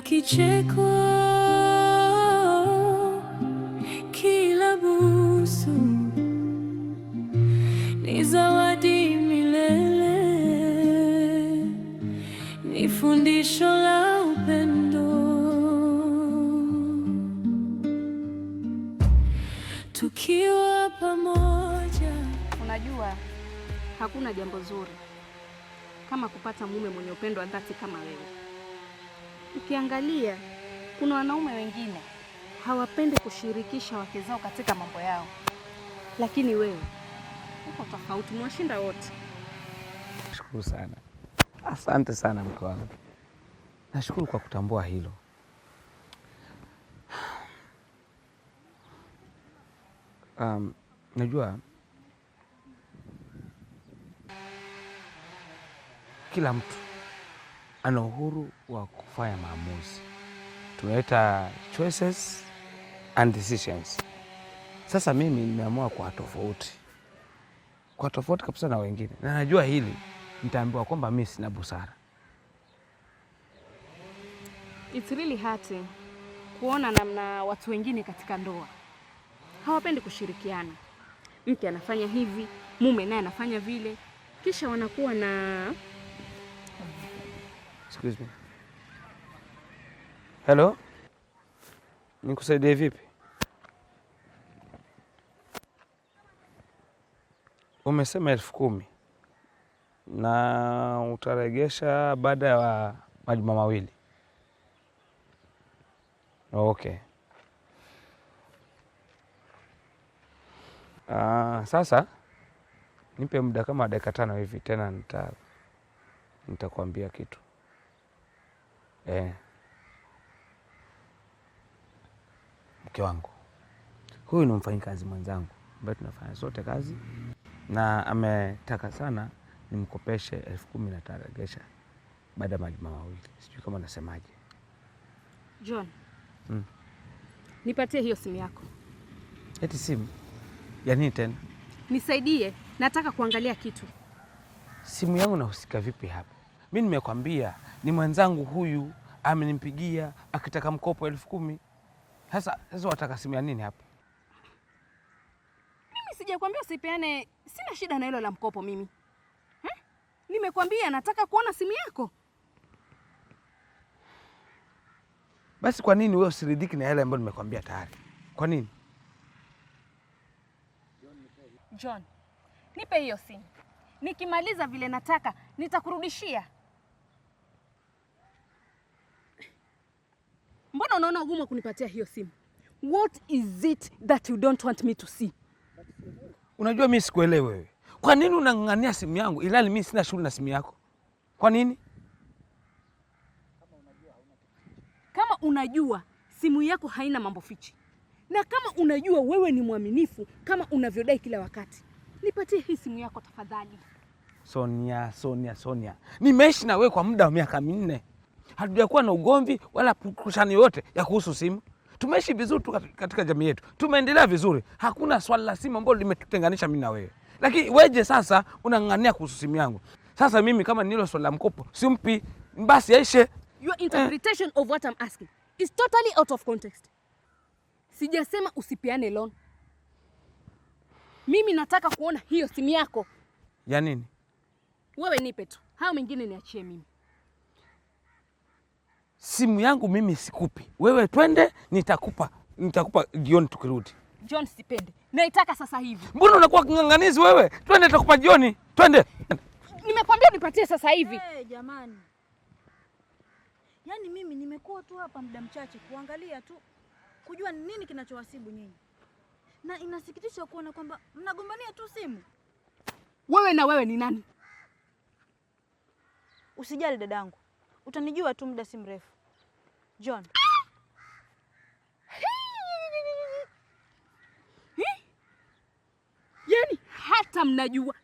kicheko, kila busu ni zawadi milele, ni fundisho la upendo. Tukiwa pamoja, unajua hakuna jambo zuri kama kupata mume mwenye upendo wa dhati kama wewe. Ukiangalia kuna wanaume wengine hawapendi kushirikisha wake zao katika mambo yao, lakini wewe uko tofauti, mwashinda wote. Nashukuru sana, asante sana mke wangu, nashukuru kwa kutambua hilo. Um, najua kila mtu ana uhuru wa kufanya maamuzi, tunaita choices and decisions. Sasa mimi nimeamua kwa tofauti, kwa tofauti kabisa na wengine, na najua hili nitaambiwa kwamba mimi sina busara. It's really hurting kuona namna watu wengine katika ndoa hawapendi kushirikiana. Mke anafanya hivi, mume naye anafanya vile, kisha wanakuwa na Excuse me. Hello? Nikusaidie vipi? Umesema elfu kumi na utaregesha baada ya majuma mawili. Okay. Uh, sasa nipe muda kama dakika tano hivi tena nita kitu. Eh, mke wangu huyu ni mfanyikazi mwenzangu ambaye tunafanya sote kazi na ametaka sana nimkopeshe elfu kumi na taregesha baada ya majuma mawili, sijui kama nasemaje. John, hmm. Nipatie hiyo simu yako. Eti simu ya nini tena? Nisaidie, nataka kuangalia kitu. Simu yangu nahusika vipi hapo? Mi nimekwambia ni mwenzangu huyu amenipigia akitaka mkopo elfu kumi. Sasa sasa wataka simu ya nini hapa? Mimi sijakwambia sipeane, sina shida na hilo la mkopo mimi hmm? Nimekwambia nataka kuona simu yako. Basi kwa nini wewe usiridhiki na yale ambayo nimekwambia tayari? Kwa nini John, nipe hiyo simu, nikimaliza vile nataka nitakurudishia Mbona unaona ugumu wa kunipatia hiyo simu? What is it that you don't want me to see? Unajua mimi sikuelewi wewe. Kwa nini unang'ang'ania simu yangu ilali mimi sina shughuli na simu yako? Kwa nini? Kama unajua simu yako haina mambo fichi, na kama unajua wewe ni mwaminifu kama unavyodai kila wakati, nipatie hii simu yako tafadhali. Sonia, Sonia, Sonia, nimeishi na wewe kwa muda wa miaka minne hatujakuwa na ugomvi wala kushani yoyote ya kuhusu simu. Tumeishi vizuri tu katika jamii yetu, tumeendelea vizuri, hakuna swala la simu ambalo limetutenganisha mimi na wewe. Lakini weje sasa unang'ang'ania kuhusu simu yangu? Sasa mimi kama nilo swala la mkopo simpi, basi aishe. Your interpretation eh, of what I'm asking is totally out of context. Sijasema usipeane loan. Mimi nataka kuona hiyo simu yako ya nini. Wewe nipe tu, hao mengine niachie mimi simu yangu mimi sikupi wewe, twende nitakupa, nitakupa jioni tukirudi. John, sipendi, naitaka sasa hivi. Mbona unakuwa kinganganizi wewe? Twende nitakupa jioni, twende. Nimekwambia nipatie sasa hivi. Hey, jamani, yaani mimi nimekuwa tu hapa muda mchache kuangalia tu kujua ni nini kinachowasibu nyinyi, na inasikitisha kuona kwamba mnagombania tu simu. Wewe na wewe ni nani? Usijali dadangu, utanijua tu muda si mrefu. John. yani hata mnajua.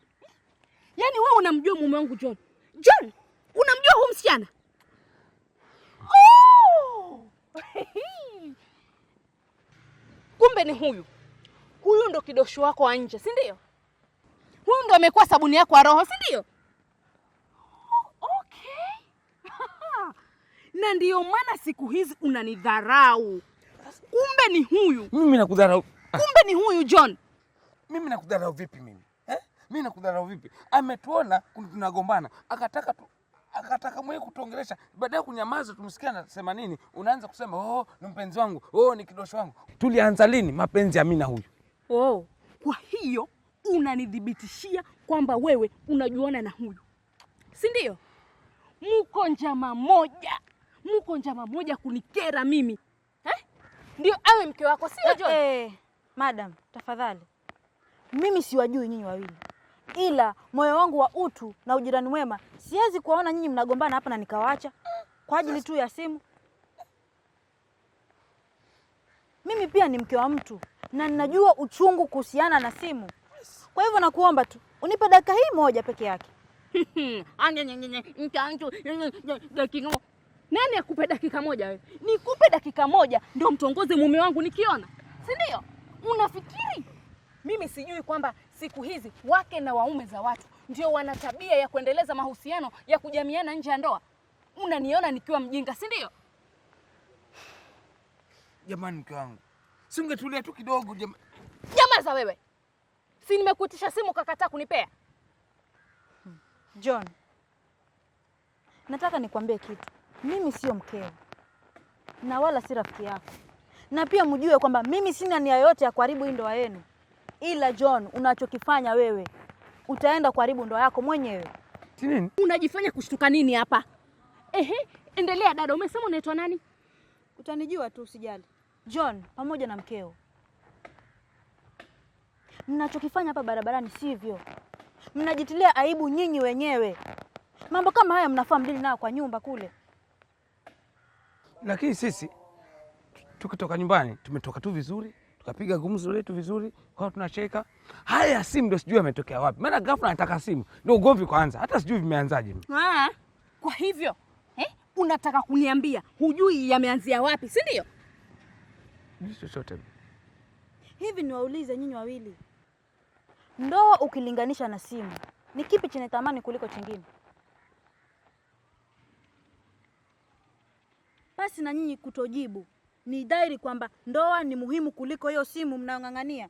yani wewe unamjua mume wangu John? John, unamjua huyu msichana? Oh! Kumbe ni huyu. Huyu ndo kidosho wako wa nje, si ndio? Huyu ndo amekuwa sabuni yako ya roho, si ndio? na ndiyo maana siku hizi unanidharau. Kumbe ni huyu. Mimi nakudharau? Kumbe ni huyu John. Mimi nakudharau vipi mimi eh? nakudharau vipi? Ametuona tunagombana akataka tu akataka mwenye kutuongelesha, baada ya kunyamaza, tumsikia nasema nini, unaanza kusema oh, ni mpenzi wangu, oh, ni kidosho wangu. Tulianza lini mapenzi ya mina na huyu? Oh, kwa hiyo unanidhibitishia kwamba wewe unajuana na huyu, si ndio? Muko njama moja muko njama moja kunikera mimi eh? Ndio awe mke wako sio eh, John? Eh, madam, tafadhali mimi siwajui nyinyi wawili, ila moyo wangu wa utu na ujirani mwema siwezi kuwaona nyinyi mnagombana hapa na nikawaacha kwa ajili tu ya simu. Mimi pia ni mke wa mtu na ninajua uchungu kuhusiana na simu. Kwa hivyo nakuomba tu unipe dakika hii moja peke yake. Nani akupe dakika moja wewe? Nikupe dakika moja ndio mtongoze mume wangu nikiona, si ndio? Unafikiri mimi sijui kwamba siku hizi wake na waume za watu ndio wana tabia ya kuendeleza mahusiano ya kujamiana nje ya ndoa? Unaniona nikiwa mjinga, si ndio? Jamani mke wangu, si ungetulia tu kidogo jamani. Nyamaza wewe, si nimekuitisha simu kakataa kunipea? John, nataka nikwambie kitu mimi sio mkeo na wala si rafiki yako, na pia mjue kwamba mimi sina nia yoyote ya kuharibu hii ndoa yenu, ila John, unachokifanya wewe utaenda kuharibu ndoa yako mwenyewe. Nini unajifanya kushtuka nini hapa? Ehe, endelea dada. Umesema unaitwa nani? Utanijua tu, usijali. John pamoja na mkeo, mnachokifanya hapa barabarani sivyo, mnajitilia aibu nyinyi wenyewe. Mambo kama haya mnafaa mdili nayo kwa nyumba kule. Lakini sisi tukitoka nyumbani tumetoka tu vizuri, tukapiga gumzo letu vizuri, kwa tunacheka. Haya simu ndio sijui ametokea wapi, maana ghafla anataka simu, ndio ugomvi kwanza, hata sijui vimeanzaje. Ah, kwa hivyo eh, unataka kuniambia hujui yameanzia wapi, si ndio? Chochote hivi, niwaulize nyinyi wawili, ndoa ukilinganisha na simu, ni kipi chenye thamani kuliko chingine? basi na nyinyi kutojibu. Ni dhahiri kwamba ndoa ni muhimu kuliko hiyo simu mnayong'ang'ania.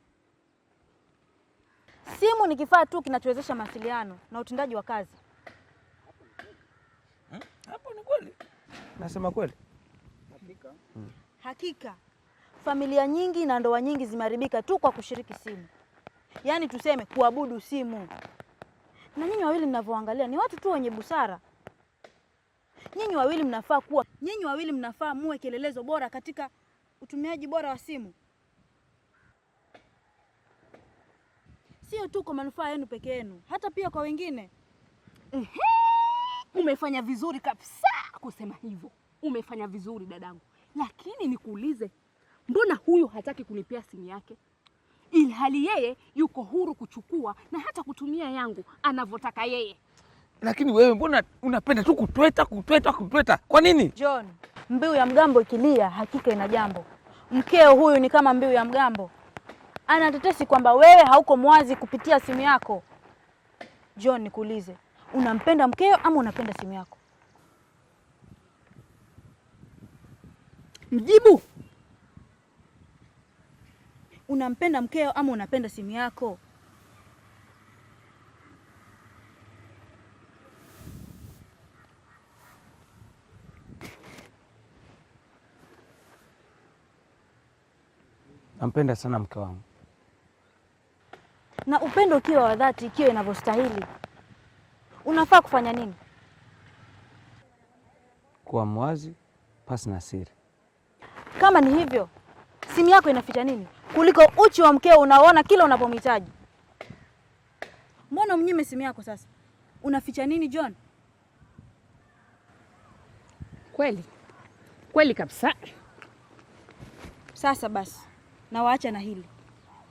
Simu ni kifaa tu kinachowezesha mawasiliano na utendaji wa kazi. Hmm? Hapo ni kweli, nasema kweli, hakika, hmm. Hakika familia nyingi na ndoa nyingi zimeharibika tu kwa kushiriki simu, yaani tuseme kuabudu simu. Na nyinyi wawili mnavyoangalia ni watu tu wenye busara Nyinyi wawili mnafaa kuwa, nyinyi wawili mnafaa muwe kielelezo bora katika utumiaji bora wa simu, sio tu kwa manufaa yenu peke yenu, hata pia kwa wengine. Umefanya vizuri kabisa kusema hivyo, umefanya vizuri dadangu, lakini nikuulize, mbona huyu hataki kunipea simu yake ilhali yeye yuko huru kuchukua na hata kutumia yangu anavyotaka yeye? Lakini wewe mbona unapenda tu kutweta kutweta kutweta, kwa nini John? Mbiu ya mgambo ikilia, hakika ina jambo. Mkeo huyu ni kama mbiu ya mgambo, ana tetesi kwamba wewe hauko mwazi kupitia simu yako. John, nikuulize, unampenda mkeo ama unapenda simu yako? Mjibu, unampenda mkeo ama unapenda simu yako? Nampenda sana mke wangu, na upendo ukiwa wa dhati, ikiwa inavyostahili, unafaa kufanya nini? Kuwa mwazi pasi na siri. Kama ni hivyo, simu yako inaficha nini kuliko uchi wa mkeo unaona kila unapomhitaji? Mbona mnyime simu yako sasa? Unaficha nini John? Kweli kweli kabisa. Sasa basi nawaacha na hili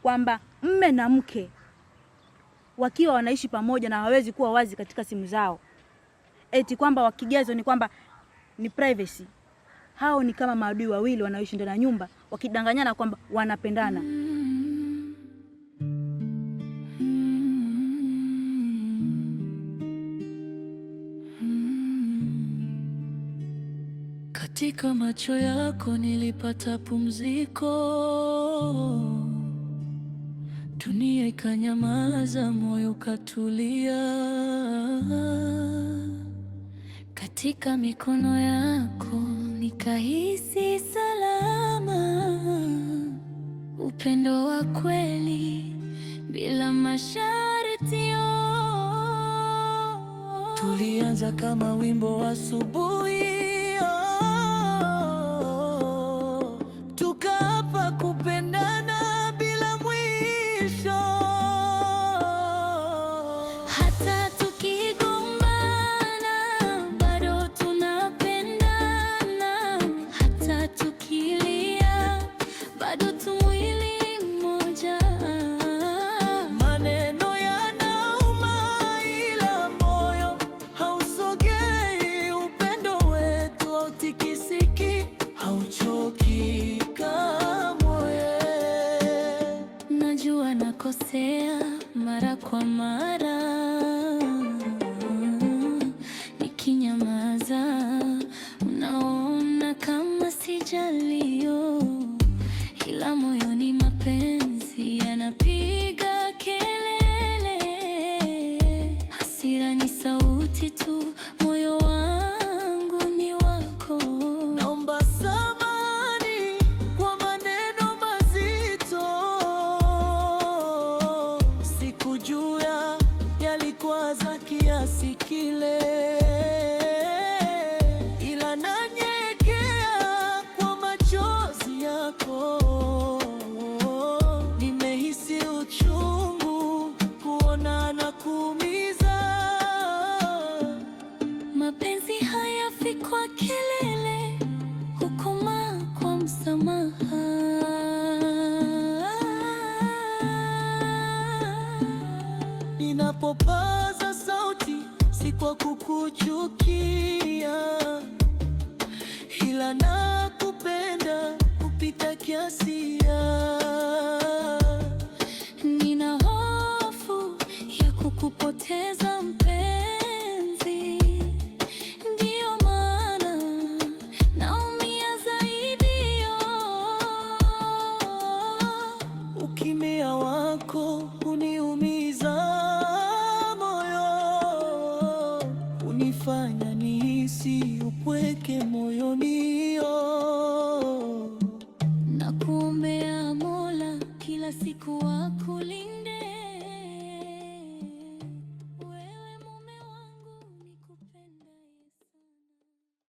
kwamba mme na mke wakiwa wanaishi pamoja na hawawezi kuwa wazi katika simu zao, eti kwamba wakigezo ni kwamba ni privacy. Hao ni kama maadui wawili wanaoishi ndani ya nyumba wakidanganyana kwamba wanapendana. Katika macho yako nilipata pumziko dunia ikanyamaza, moyo katulia Katika mikono yako nikahisi salama, upendo wa kweli bila masharti. Oh. Tulianza kama wimbo wa asubuhi majalio, ila Unapopaza sauti si kwa kukuchukia, ila na kupenda kupita kiasi. Nina hofu ya kukupoteza mpenzi.